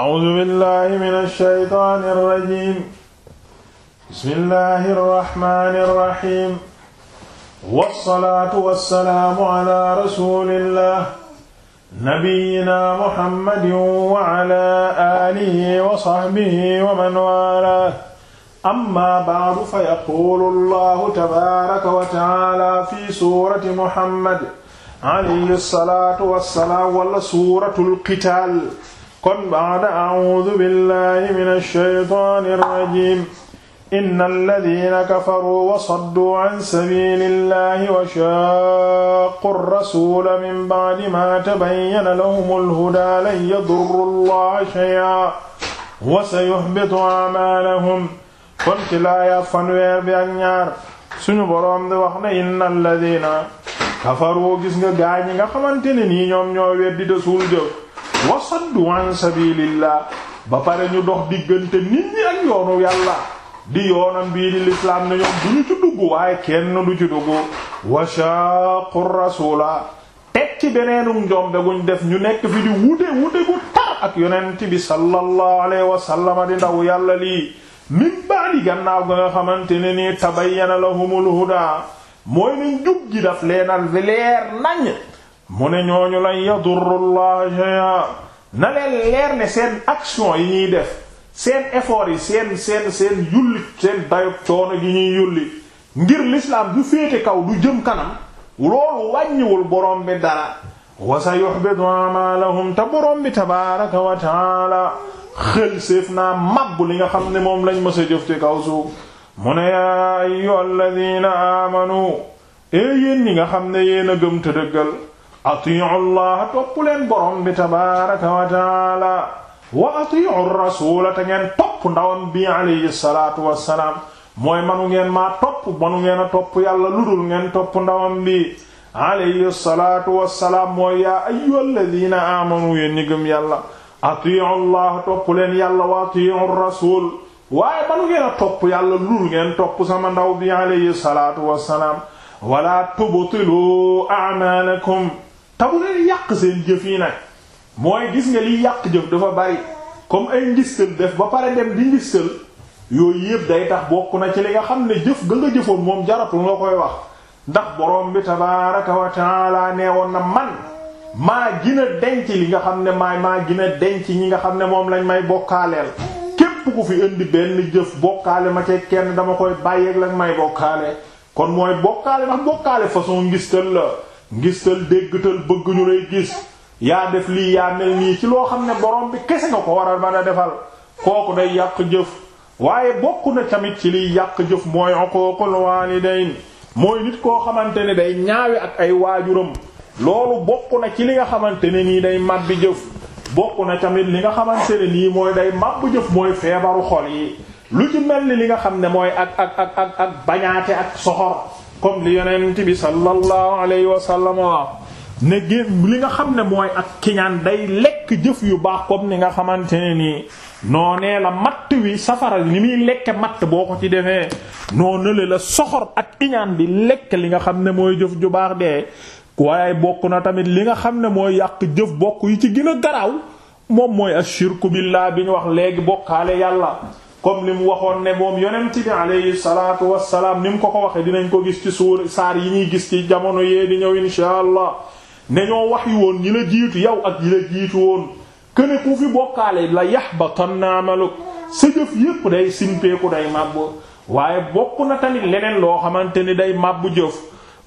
A'uuzu billaahi mina shaytaani rajiim. Bismillaahi rahmaani rahiim. Wassalaatu wassalaamu alaa rasuulillaah. Nabiyyinaa Muhammadin wa alaa aalihi wa sahbihi wa man waalaah. Ammaa ba'du fa yaquulu Allaahu tabaaraka wa ta'aalaa fi suurati Muhammad alayhi salaatu wa salaam wala suuratul qitaal. kon ba'da a'uudu billahi minash shaytaanir rajiim innal ladhiina kafaruu wa sadduu an sabiilillahi wa shaaqqur rasuula min ba'di maa tabayyana lahumul hudaa lan yadurrullaha shay'an wa sayuhbitu a'maalahum kon ci laaya fanweer bi ak ñaar suñu boroom di wax ne innal ladhiina kafaruu gis nga gaañi nga xamante ne nii ñoom ñoo weddi de suul jëf wa saddu an sabilillah ba pare ñu dox diggante nit ñi ak yoonu yàlla di yoonam bii di lislaam ne ñoom ci dugg waaye kenn du ci dugg wa shaqu teg ci beneenum njombe guñ def ñu nekk fi di wute wute bu tar ak yonent bi sallallahu alayhi wa di ndaw yàlla lii min baadi gannaaw ga nga xamante ne nii tabayyana lahumul huda mooy nañ jub ji daf leenal leer nañ mu ne ñooñu lan yadurru llaha shay'a na leen leer ne seen action yi ñuy def seen effort yi seen seen seen yulli seen dayob coono gi ñuy yulli ngir l'islam du féete kaw du jëm kanam loolu wàññiwul borom bi dara wa sa la amalahum te borom bi tabaraka wa taala xël séef naa mabb li nga xam ne moom lañ mësa jëf ci kaw suuf mu ne yaa ayyuhalladhina amanu e yéen ñi nga xam ne yéen a gëm te atiu allah topp leen borom bi tabaraka wa taala wa atiu rasula te ngeen topp ndawam bi alayhi salaatu wassalaam mooy manu ngeen maa topp manu ngeen a topp yàlla ludul ngeen topp ndawam bi alayhi salaatu wassalaam mooy yaa ayyuhal ladina aamanu yéen ñi gëm yàlla atiu allah topp leen yàlla wa atiu rasul waaye manu ngeen a topp yàlla ludul ngeen topp sama ndaw bi alayhi salaatu wassalaam wala tubtilu a'maalakum tamu leen yàq seen jëf yi nag mooy gis nga liy yàq jëf dafa bari comme ay ngistal def ba pare dem di ngistal yooyu yëpp day tax bokk na ci li nga xam ne jëf ga nga jëfoon moom jaratul nga koy wax ndax borom bi tabaaraka wa taala nee woon na man maa gina denc li nga xam ne maay maa gina denc ñi nga xam ne moom lañ may bokkaaleel képp ku fi indi benn jëf bokkaale ma ci kenn dama koy bàyyeeg lañ may bokkaale kon mooy bokkaale ndax bokkaale façon ngistal la ngistal déggtal bëgg ñu lay gis yaa def lii yaa mel nii ci loo xam ne borom bi kese nga ko war a mën defal kooku day yàq jëf waaye bokk na tamit ci liy yàq jëf mooy uququl day mooy nit koo xamante ne day ñaawe ak ay waajuram loolu bokk na ci li nga xamante ne nii day màbbi jëf bokk na tamit li nga xamante ne nii mooy day màbbi jëf mooy feebaru xol yi lu ci mel ni li nga xam ne mooy ak ak ak ak ak bañaate ak soxor comme li yonent bi sallallahu alayhi wa sallam wax ne gén li nga xam ne mooy ak kiñaan day lekk jëf yu baax comme ni nga xamante ne nii noonee la matt wi safara ni muy lekke matt boo ko ci defee noonale la soxor ak iñaan bi lekk li nga xam ne mooy jëf ju baax dee waaye bokk na tamit li nga xam ne mooy yàq jëf bokk yi ci gën a garaaw moom mooy ashirku billah bi ñu wax léegi bokkaale yàlla comme li mu waxoon ne moom yonent bi alayhi salaatu wassalaam ni mu ko ko waxee dinañ ko gis ci suur saar yi ñuy gis ci jamono yee di ñëw insha allah ne ñoo wax yi woon ñi la jiitu yow ak ñi la jiitu woon këne ku fi bokkaale la yahbatanna amaluk sa jëf yépp day simpeeku day màbb waaye bokk na tamit leneen loo xamante ni day màbb jëf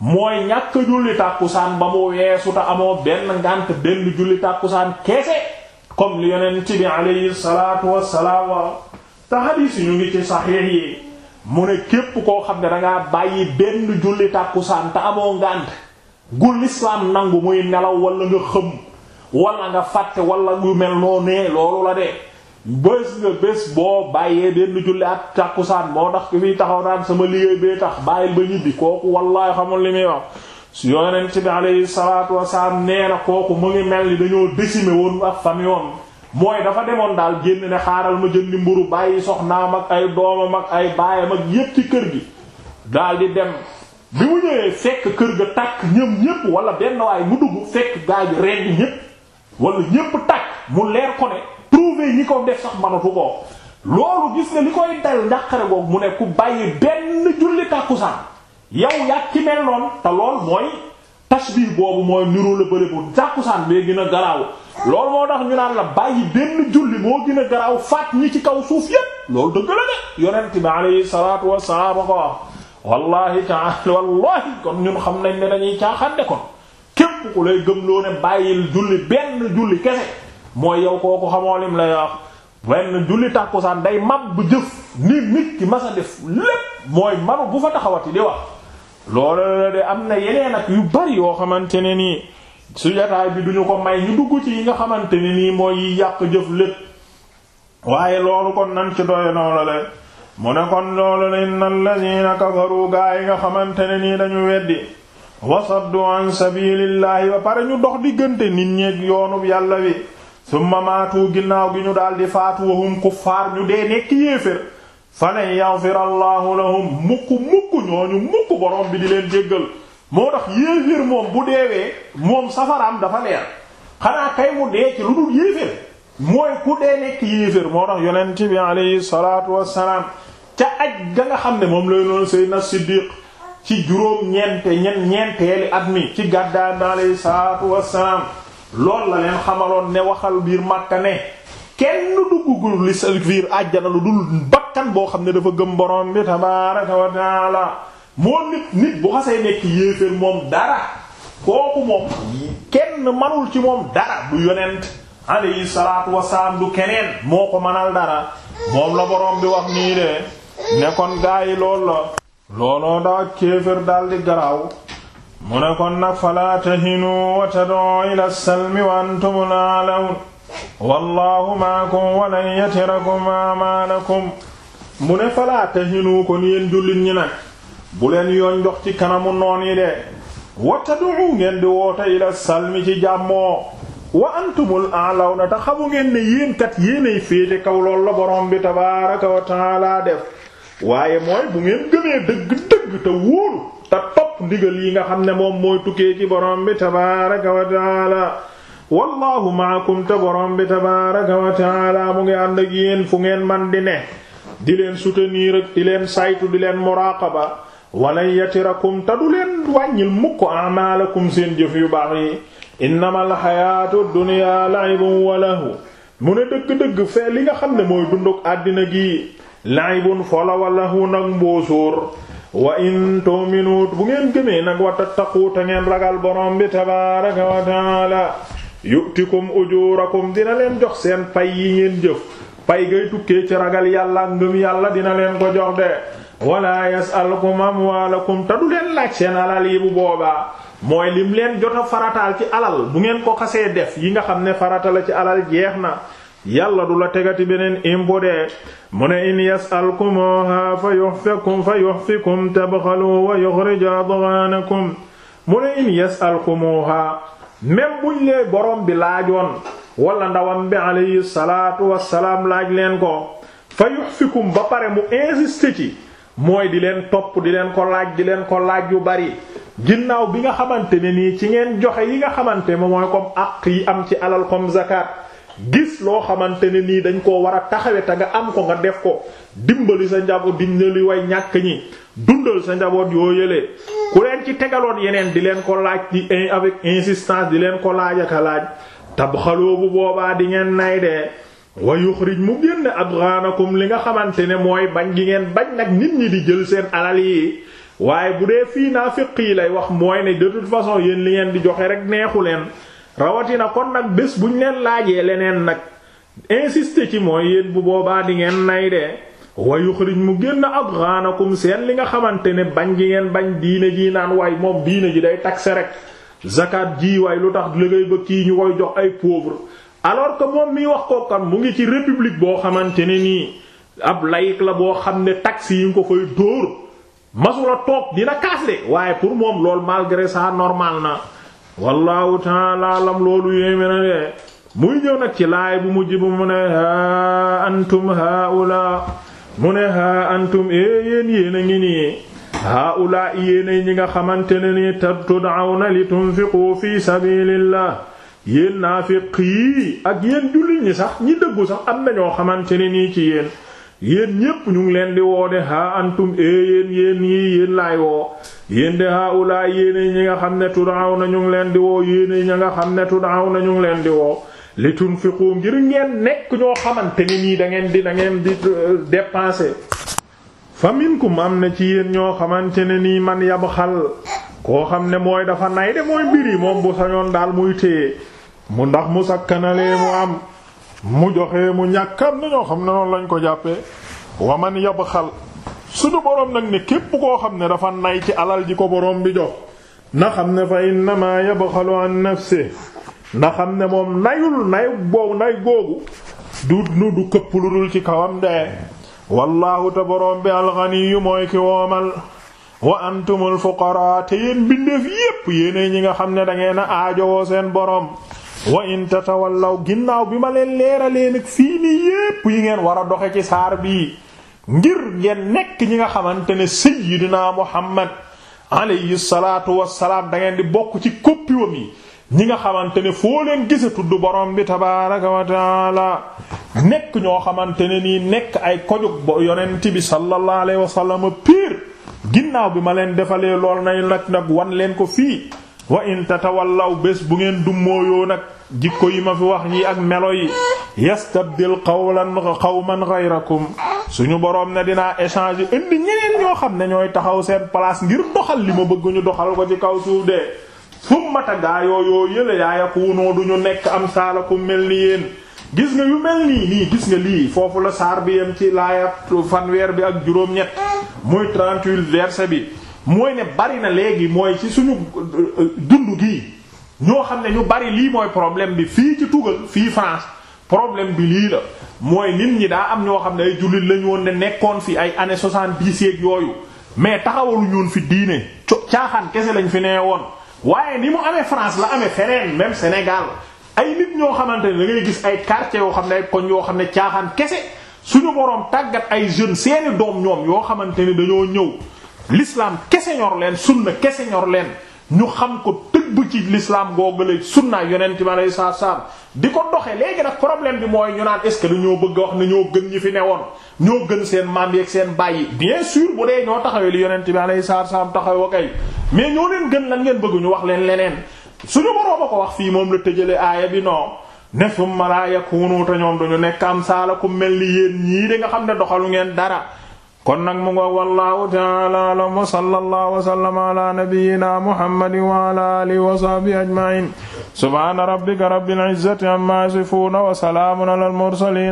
mooy ñàkk julli tàkkusaan ba mu weesu te amoo benn ngànt benn julli tàkkusaan keese comme li yonent bi alayhi te xadiis ñu ngi ci saxiix yi mu ne képp koo xam ne dangaa bàyyi benn julli tàkkusaan te amoo ngànt gu lislaam nangu muy nelaw walla nga xëm wala nga fàtte wala gu mel noo nee loolu la de bés nga bés boo bàyyee benn julli ak tàkkusaan moo tax ki fiy taxaw naan sama liggéey bee tax bàyyil ba ñibbi kooku wallaay xamul li muy wax su yonent bi alayhi salaatu wasalaam nee na kooku mu ngi mel ni dañoo décimer woon ak famille woon mooy dafa demoon daal génn ne xaaral ma jëndi mburu bàyyi soxnaam ak ay doomam ak ay baayam ak yépp ci kër gi daal di dem bi mu ñëwee fekk kër ga tàkk ñëm ñépp wala benn waay mu dugg fekk bi ji rendi ñépp wala ñépp tàkk mu leer ko ne trouver ñi ko def sax manatu ko loolu gis nga li koy dal njàqare boog mu ne ku bàyyi benn julli tàkkusaan yow yàgg mel noonu te lool mooy tashbih boobu mooy niru la bële bu tàkkusaan bee gën a garaaw loolu moo tax ñu naan la bàyyi benn julli moo gën garaaw faat ñi ci kaw suuf yépp loolu dëgg la de yonent bi alayhi salaatu wassalaam ko wax wallahi ta'ala wallahi kon ñun xam nañ ne dañuy caaxaan de kon képp ku lay gëmloo ne bàyyil julli benn julli kese mooy yow kooku xamoo lim lay wax benn julli tàkkusaan day mab bu jëf ni nit ki masa def lépp mooy manu bu fa taxawati di wax loolu la de am na yeneen ak yu bari yoo xamante ne nii su jotaay bi duñu ko may ñu dugg ci yi nga xamante ni nii mooy yi yàq jëf lépp waaye loolu kon nan ci doye noonu mu ne kon loolu la inna alladhina kafaru gaa yi nga xamante ne nii dañu weddi wasaddu an ba pare ñu dox diggante nit ñeeg yoonub yàlla wi summa maatu ginnaaw gi ñu daldi faatu wahum kuffaar ñu dee nekk yéefér falan yaghfir allahu lahum mukk mukk ñooñu mukk borom bi di leen jéggal moo tax yéeféer moom bu deewee moom safaraam dafa leer xanaa kay mu dee ci lu dul yéeféer mooy ku dee nekk yéeféer moo tax yonent bi alayhi salaatu wassalaam ca aj ga xam ne moom lay noonu Seydina Siddiq ci juróom ñeente ñen ñeenteeli at mi ci gàddaa na alayhi salaatu wassalaam lool la leen xamaloon ne waxal biir Makka ne kenn duggul li sa biir àjjana lu dul bakkan boo xam ne dafa gëm borom bi tabaaraka wa moo nit nit bu xasee nekk yéeféer moom dara kooku moom kenn manul ci moom dara du yonent alayhi salaatu wasalaam du keneen moo ko manal dara moom la boroom bi wax nii de ne kon gaa yi lool la looloo daa kéeféer daldi garaaw mu ne kon nag falaa tahinu wa tad'u ila salmi wa antumul a'lawn wallahu ma'akum wa lan yatirakum mu ne falaa tahinu kon yeen jullit ñi nag bu leen yoon jox ci kanamu noon yi de wa tad'u ngeen di woote ila salmi ci jàmmoo wa antumul a'lawna te xamu ngeen ne yéen kat yéenay féete kaw loolu la borom bi tabaaraka wa ta'aala def waaye mooy bu ngeen gëmee dëgg-dëgg te wóolu te topp ndigal yi nga xam ne moom mooy tukkee ci borom bi tabaaraka wa ta'aala wallahu maakum te borom bi tabaaraka wa ta'aala mu ngi ànd ak yéen fu ngeen man di ne di leen soutenir ak di leen saytu di leen muraqaba walan yatirakum te du leen wàññil mukk amalakum seen jëf yu baax yi innamal xayaatu dunya la'ibun wa lahu mu ne dëgg-dëgg fee li nga xam ne mooy dunduk àddina gi la'ibun fola wa lahu nag mboosóor wa in tu'minu bu ngeen gëmee nag wa tattaqu ngeen ragal borom bi tabaaraka wa taala yu'tikum ujurakum dina leen jox seen pay yi ngeen jëf pay gay tukkee ci ragal yàlla ngëm yàlla dina leen ko jox de wala yasalkum amwaalakum te du leen laaj seen alal yi bu boobaa mooy lim leen jot farataal ci alal bu ngeen ko xasee def yi nga xam ne farata ci alal jeex na yàlla du la tegati beneen impôt de mu ne in yasalkumuha fa yuhfikum fa yuhfikum tabxalu wa yukhrij adghanakum mu ne in yasalkumuha même buñ lee borom bi laajoon wala ndawam bi alayhi salaatu laaj leen ko fa yuhfikum ba pare mu insister ci mooy di leen topp di leen ko laaj di leen ko laaj yu bari ginnaaw bi nga xamante ne nii ci ngeen joxe yi nga xamante ne mooy comme àq yi am ci alal comme zakat gis loo xamante ne nii dañ ko war a taxawe te nga am ko nga def ko dimbali sa njaboot dimbali way ñàkk ñi dundal sa njaboot yoo yëlee ku leen ci tegaloon yeneen di leen ko laaj ci avec insistance di leen ko laaj ak laaj tabxaloo bu boobaa di ngeen nay de wa yuxrij mu génn génne adghanakum li nga xamante ne mooy bañ gi ngeen bañ nag nit ñi di jël seen alal yi waaye bu dee fii naafiq yi lay wax mooy ne de toute façon yéen li ngeen di joxe rek neexu leen rawatina kon nag bés buñ leen laajee leneen nag insister ci mooy yéen bu boobaa di ngeen nay de wa yuxrij mu génn adghanakum seen li nga xamante ne bañ gi ngeen bañ diine ji naan waay moom diine ji day taxe rek zakat ji waay lu tax liggéey ba kii ñu koy jox ay pauvre alors que moom miy wax ko mu ngi ci république boo xamante ne nii ab laïc la boo xam ne taxes yi nga ko koy dóor masula toog dina kaas de waaye pour moom loolu malgré ça normal na wallahu taala alam loolu yéeme na de muy ñëw nag ci laay bu mujj bu mu ne ha antum haula mu ne ha antum e yéen yéen a ngi nii haula yéen ñi nga xamante ne nii tud'awna li tunfiqu fi sabilillah naa naafiq yi ak yéen jullit ñi sax ñi dëggu sax am na ñoo xamante ne nii ci yéen yéen ñépp ñu ngi leen di woo de ha antum e yéen yéen yi yéen laay woo yéen de ha ulaay yéene ñi nga xam ne tudaaw na ñu ngi leen di woo yéene ñi nga xam ne tudaaw na ñu ngi leen di woo li tunfiqu ngir ngeen nekk ñoo xamante ni nii da di da ngeen di euh, dépenser fa minkum am na ci yéen ñoo xamante ne nii man yab xal koo xam ne mooy dafa nay de mooy mbir yi moom bu sañoon daal muy téye mu ndax mu sakkanalee mu am mu joxee mu ñàkk am na xam ne noonu lañ ko jàppee waman yab xal suñu boroom nag ne képp koo xam ne dafa nay ci alal ji ko boroom bi jox na xam ne fa innama yabxalu an nafsi na xam ne moom nayul nay boobu nay googu du nu du këpp lu dul ci kawam dee wallaahu te boroom bi alxaniyu mooy ki woomal wa antumul fuqaraa te yéen bindeef yépp yéenay ñi nga xam ne dangeen a aajowoo seen boroom wa in tatawallaw ginnaaw bi ma leen leeralee nag fii nii yépp yi ngeen war a doxe ci saar bii ngir ngeen nekk ñi nga xamante ne sayyidina Muhammad alayhi salaatu wassalaam da ngeen di bokk ci koppiwam yi ñi nga xamante ne foo leen gise tudd borom bi tabaaraka wa taala nekk ñoo xamante ne nii nekk ay kojug bo yonent bi sallallahu alayhi wa sallam piir ginnaaw bi ma leen defalee lool nay nag nag wan leen ko fii wa in tatawallaw bés bu ngeen dummóoyoo nag jikko yi ma fi wax ñii ak melo yi yastabdil qawlan qawman ghayrakum suñu boroom ne dinaa echange indi ñeneen ñoo xam ne ñooy taxaw seen place ngir doxal li ma bëgg doxal ko ci kaw suuf de summata gaa yoo yële yaa yakuunoo duñu nekk am saalakum mel ni yéen gis nga yu mel nii nii gis nga lii foofu la saar bi yem ci laaya fanweer bi ak juróom-ñett muy 38 verset bi mooy ne bari na léegi mooy ci suñu euh, euh, dund gi ñoo xam ne ñu bari lii mooy problème bi fii ci tugal fii France problème bi lii la mooy nit ñi daa am ñoo xam ne ay jullit lañu woon ne nekkoon fi ay années soixante-dix yeeg yooyu mais taxawalu ñoon fi diine caaxaan kese lañ fi ne woon waaye ni mu amee France la amee feneen même Sénégal ay nit ñoo xamante ne da ngay gis ay quartiers yoo xam ne ay koñ yoo xam ne caaxaan kese suñu boroom tàggat ay jeunes seeni doom ñoom yoo xamante ne dañoo ñëw l'islam kese ñor leen sunna kese ñor leen ñu xam ko tibb ci l'islam googale sunna yonent bi aleyhi salaatu salaam di ko doxe léegi nag problème bi mooy ñu naan est-ce que dañoo bëgg a wax ne ñoo gën ñi fi newoon ñoo gën seen maam yeeg seen bàyyi bien sûr bu dee ñoo taxawee li yonent bi aleyhi salaatu salaam taxawee kay mais ñoo leen gën lan ngeen bëgg ñu wax leen leneen suñu boroom a ko wax fii moom la tëjale aaya bi non ne summa laa yakunu te ñoom duñu nekk am saalakum mel ni yéen ñii de nga xam ne doxalu ngeen kon nag mu ngo wallahu ta'ala alam wa sallallahu wa sallama ala nabiyyina muhammadin wa ala alihi wa sahbihi ajma'in subhana rabbika rabbil izzati amma yasifun wa salamun alal mursalin